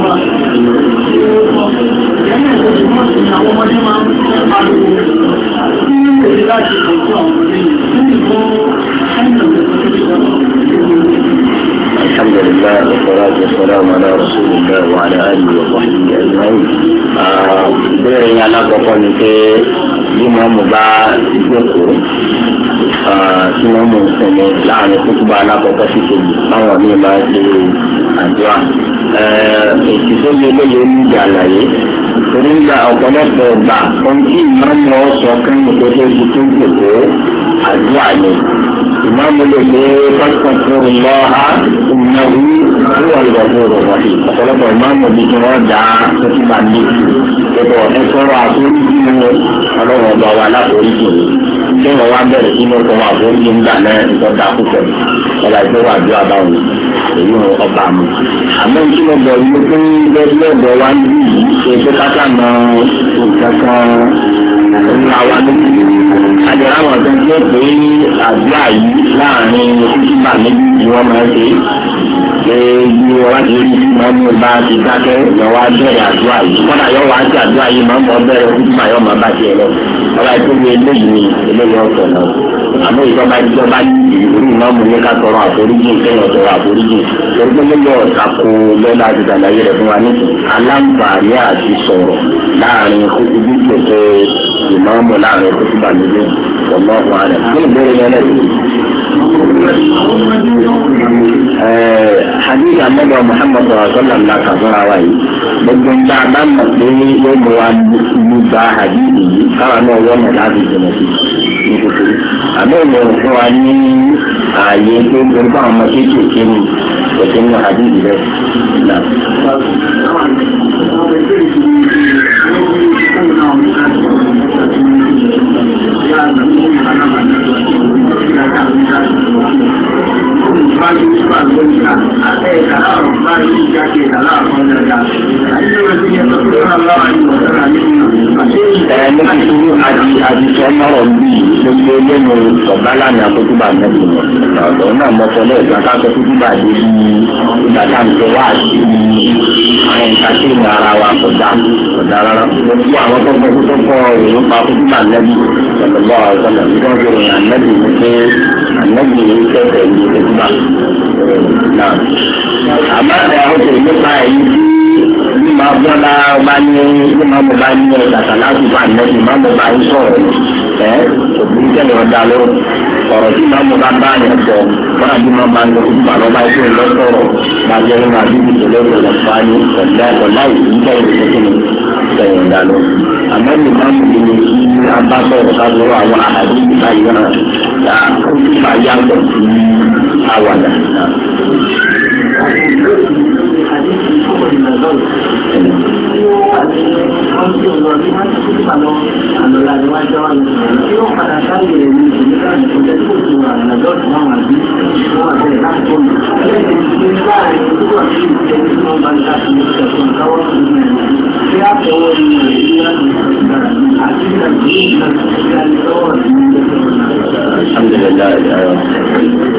الحمد لله والصلاة والسلام على رسول الله وعلى آله وصحبه أجمعين. ìbéèrè yẹn alákọ̀ọ́kọ́ ni pé bí mọ́mú bá jókòó ah, tí mọ́mú ń sinmi láàrin kútùbà alákọ̀ọ́kọ́ sí kejì báwọn míì máa ń ṣe àdúrà èsì tó lé ní ìjàlàyé torí gba ọ̀pọ̀lọpọ̀ ọgbà ohun tí ìmáàmù ọ̀sọ̀ kan ní gbogbo ibi tó ń gbogbo àdúrà ni ìmáàmù lè gbé pásítọ̀ tó ń lọ ha ìmọ̀ wí ní ọ̀lọ́ tó ọ̀pọ̀lọpọ̀ ìmáàmù bí kí wọ́n dá tó ti ní ìlú gbogbo ẹ̀sọ́rọ̀ àforíjì ni ọlọ́run ọba wa láforíjì tí wọ́n wá bẹ̀rẹ̀ sínú ọkọ̀ wọn àbọ̀ oúnjẹ ńgbà náà ìtọ́ta púpọ̀ ọba ìgbẹ́ wà bí ọba òun èyí wọn ọba mu. àmọ́ tí mo bọ̀ yìí pé lẹ́gbẹ́ ọ̀dọ̀ wa ń yìí ṣe pé káká mọ nǹkan ńlá wa lókè. àjọyọ̀ àwọn ọ̀dọ́ tí ó pé àdúrà yìí láàrin kúkúbà méjì ni wọ́n máa ṣe pé bí wọ́n ti rí máa mú bá ti dákẹ́ lọ́wọ́ àdúrà àdúrà yìí ọba tó ní eléyìí eléyìí ọ̀sẹ̀ náà àmọ́ ìjọba ìjọba yìí irú ìmọ̀mù ní ká tọrọ àforíjì kẹ́yìn ọ̀tọ̀rọ̀ àforíjì torí pé lẹ́yìn ọ̀sà kó lọ́la àdìgbà láyé rẹ̀ fún wa ní aláǹfààní àti sọ̀rọ̀ láàrin kókòbí pèsè ìmọ̀mù láàrin kókòbí bàmílẹ̀ ọ̀mọ́ ọ̀hún àrẹ̀ fún ìbéèrè yẹn lẹ́yìn. Eh, hadith amadu muhammad sallam la kà fúnra wa yìí gbogbo nta bá mọ̀ pé yóò mú wa lu ba hadith yìí káwa náà wọ́n mọ̀ láti jẹ̀mọ̀ sí ní kékeré àbẹ́ ìlẹ̀ fún wa ní ààyè pé orúkọ àwọn ọmọ kéékèèké ni kò sí nínú hadith rẹ̀ Thank you ìbáyé ìbáyé ìjà àtẹ ìkàlà ọ̀rọ̀ báyé ìjà kí ìkàlà ọ̀rọ̀ dàda. Àyẹ̀wò ti yẹ kókó náà lọ́wọ́ àyè ọ̀dọ́ra nínú ẹ̀ẹ́dẹ́ kíkúrú àti àdìsọ mọ́rọ̀ bíi gbogbo lẹ́nu ọ̀gá lánàá tó túbà mẹ́tò ọ̀dọ́ náà mọ́tò lẹ́ẹ̀ka káṣọ tó túbà dé bí ìgbà tá à ń tẹ wá àti àwọn ìtàkéèmù ara wa kọjá kọjá rárá. gbogbo àwọn tó gbọ́ tó gbọ́ òun pa tó túbà lẹ́bi ọ̀dọ́ ọ̀dọ́ ọ̀dọ́ ànábì yìí kẹfẹ yìí ló gbà náà àbáta ọkọ nípa èyí tí bí máa bọ́lá bá ní bí máa bọ́ bá ní ọ̀dàtà láti bá ànábì máa bọ́ bá yín sọ̀rọ̀ ẹ̀ òbí kẹ́lẹ́ ọ̀dà ló ọ̀rọ̀ tí máa bọ́ bá bá yẹn bọ̀ wọ́n àbí máa bá lọ fún bàbá bá yẹn lọ́sọ̀rọ̀ bàjẹ́ nínú àbí ìṣẹ̀lẹ̀ ìṣẹ̀lẹ̀ fani gbà yọ̀ǹda lọ àmọ́ ní máa ń bí ní abá sọ̀rọ̀ ká lọ́wọ́ àwọn àhàdí ìgbà yìí náà ó ti fà yàtọ̀ sí àwàdà náà. الحمد لله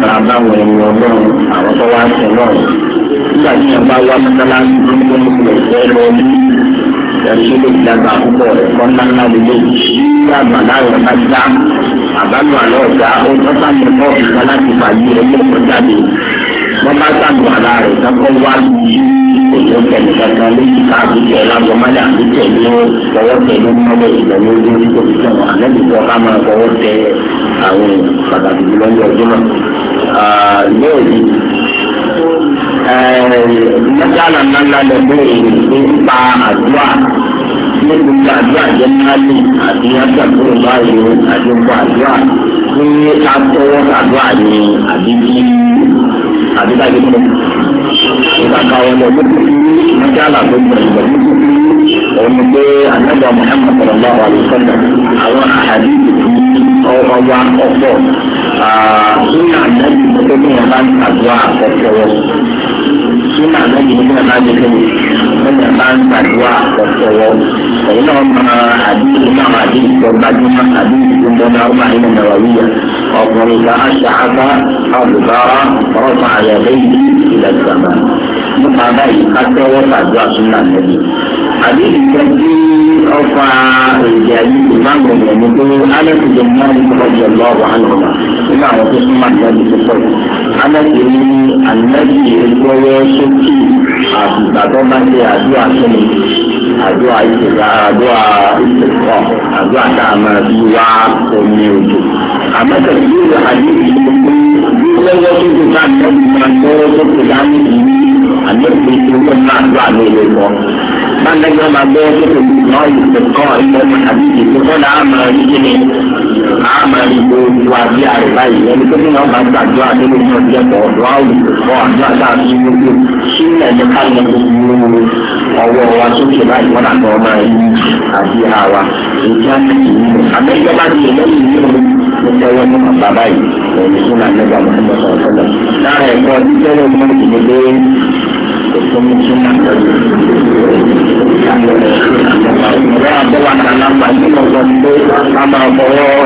nípa báwọn ẹni ọlọ́run àwọn tó wá sí ọlọ́run nígbà tí wọn bá wá mọ́tálásí tó ń gbọ́n kúrò fẹ́ lọ ní ẹ̀sùn tó ti dàgbà púpọ̀ ẹ̀kọ́ ńláńlá lóde nígbà bàbá rẹ̀ bá dá àbájọ àlọ́ ọ̀gá ó tọ́ sáàmì pọ̀ ìgbà láti pàdé ẹgbẹ́ ọ̀gá mi wọ́n bá sáàmì àlá rẹ̀ sápọ̀ wá lùú èyí ó tẹ̀lé kankan lójú ká àbújá ẹ̀ lásán má dà bí tẹ̀lé lọ́wọ́ tẹ̀lé ojú tí kò fi tẹ̀ ká máa fọwọ́ tẹ àwọn pàtàkì jùlọ ní ọjọ́ náà. yóò di mọ́tàlá ńláńlá lọ bóyá nípa àdúrà níbi àdúrà jẹ́ mọ́lẹ̀ àti àgbàkúrò báyìí àti àdúrà ní àtọwọ́ àdúrà ní àbíbí àbíbáyé ìgbàgbà wọlé mọ́tòkì mọ́tàlá tó gbọ̀n ìgbà mọ́tòkì òun ni pé anábà Muhammad sallallahu alaihi wasallam àwọn àhàdìsì tí ọwọ́ wa ọ̀pọ̀ nínú àjẹ́bí mọ́tòkì wọn bá ń àdúrà àkọ́kọ́ wọn súnà lẹ́yìn nígbà náà bá jẹ́ lẹ́yìn lẹ́yìn bá ń gbàdúrà ọ̀pọ̀wọ́ ẹ̀yìn náà máa àdéhùn náà àdéhùn tó gbajúmọ̀ àdéhùn tó gbọ́dọ̀ ọmọ àyè náà wà wíyà ọkùnrin ká aṣááfá àbùkárá ọ̀rọ̀fà àyàlẹ́yìn ìlẹ̀ ìgbàgbà nípa báyìí ká tẹ́wọ́ tàdúrà súnà lẹ́yìn àbí nǹkan tí ọfà èdè àyíkú máa ń gbọ̀ngàn ní pé alẹ́kù jẹ mọ́rin ní ọjọ́ lọ́wọ́ àlọ́wà àwọn tó súnmọ́ àgbàdo tó sọ̀rọ̀ alẹ́kù ní àlẹ́kù ìgbọ́wọ́ sókè àbùgbà tó bá ṣe àdúrà sínú àdúrà ìṣèlú àdúrà ìṣèlú àdúrà tá a máa fi wá omi òjò. àmọ́ tẹ̀sí ìlú àdúrà ìṣèlú lọ́wọ́ tó ti ká tẹ́lẹ̀ máa tọ́wọ́ tó ti dá ní ìlú àdúrà ìṣèlú tó máa dúrà ní ilé kọ́. Báńdẹ́gbẹ́ máa gbọ́ tó tó ti lọ́ ìṣèkọ́ ìṣèkọ́ àbí ìṣèkọ́ là á máa rí kíni á máa rí gbogbo àbí àrùbá yìí ẹni tó ní wọn bá gbàdúrà nínú ìṣèkọ́ ọ̀dọ́ àwùjọ àdúrà tá a fi mú kí sílẹ̀ ní kálọ̀ gbogbo ọwọ́ wa sókè báyìí wọ́n dàgbọ́ máa yí àbí àwa èyí á sì tì nínú. Àbẹ́jọ́ bá ti lè lẹ́yìn nínú mo tẹ́wọ́ ní bàbá báyìí ẹ̀mí tó náà lẹ́gbà mọ́tò sọ̀rọ̀ lára ẹ̀kọ́ títẹ́lẹ̀ mọ́ ìdílé òfin tó náà lọ́dún. Ìyá àbọ̀wà kan náà máa ń tọ́jú pé a máa fọwọ́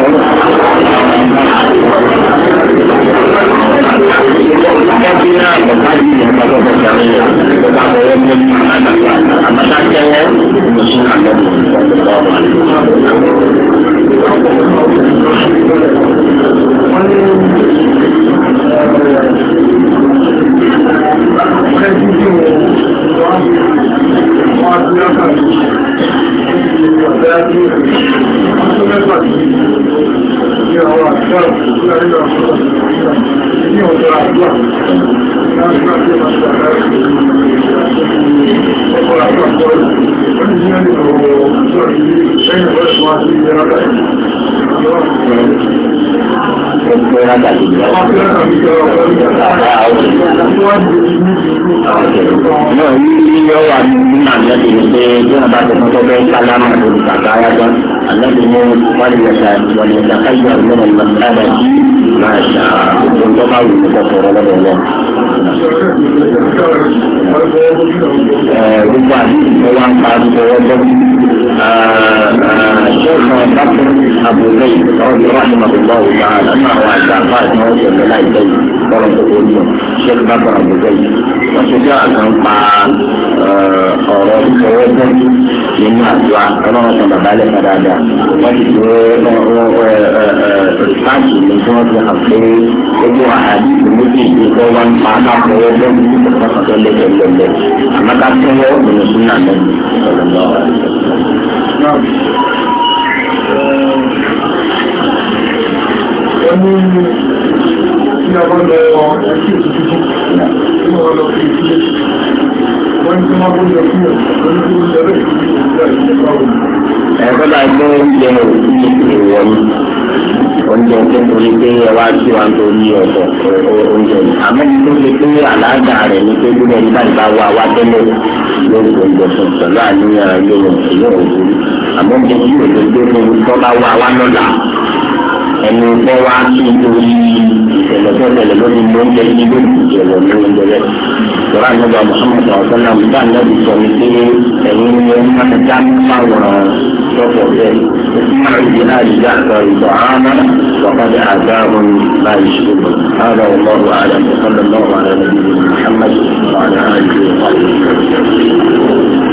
àwùjọ yìí wọ́n ṣe bí àwọn pa ọ̀rọ̀ ìṣòro nínú àdúrà ọlọ́run kan bàbá lẹ́ka dáadáa wọ́n ti ṣe ìpáàkì ní tí wọ́n ti hàn pé gbogbo àhàdì méjì ìgbọ́ wọn pa akáfọwọ́ lẹ́nu ìgbàkan tó lẹ́kẹ̀ lẹ́lẹ̀ àmọ́ká tó wọ́ nínú súnà lẹ́nu ọ̀rọ̀ náà. Thank you ní ọgọ́dọ̀ ẹ̀kọ́ ẹ̀kí òṣìṣẹ́ tí wọ́n lọ fi ìṣẹ́ wọ́n tí wọ́n gbọ́dọ̀ fún ọ̀rọ̀ bá gbọ́ oúnjẹ òbí ìwọ ni oúnjẹ tó ń torí pé ẹ wá sí wa torí ọ̀dọ̀ oúnjẹ àmọ́ tó ṣe pé àlàáda rẹ̀ ní pé gbọ́dọ̀ nígbà tí bá wá wá tẹ́lẹ̀ lórí oúnjẹ tó pẹ̀lú àníyàn yóò yóò àmọ́ oúnjẹ tí yóò lè gbé fún tọ́ bá wá lọ́la ẹni tó wá sí nítorí ìṣẹ̀lẹ̀ lórí lóúnjẹ yìí ló lórí jẹ̀rẹ̀. Ìjọba ìjọba Mùsùlùmí ọ̀sán náà nígbà náà ti sọ ní pé ẹ̀yin ni ó máa dá fáwọn lọ́pọ̀ bẹ́ẹ̀. Ó ti máa ń di àyíká sọ ìtọ̀ àmọ́ wàkàtí àgbáhùn láì ṣubú. Ààrẹ ọlọ́run ọ̀rọ̀ ààrẹ Mùsùlùmí Mùhàmmad ààrẹ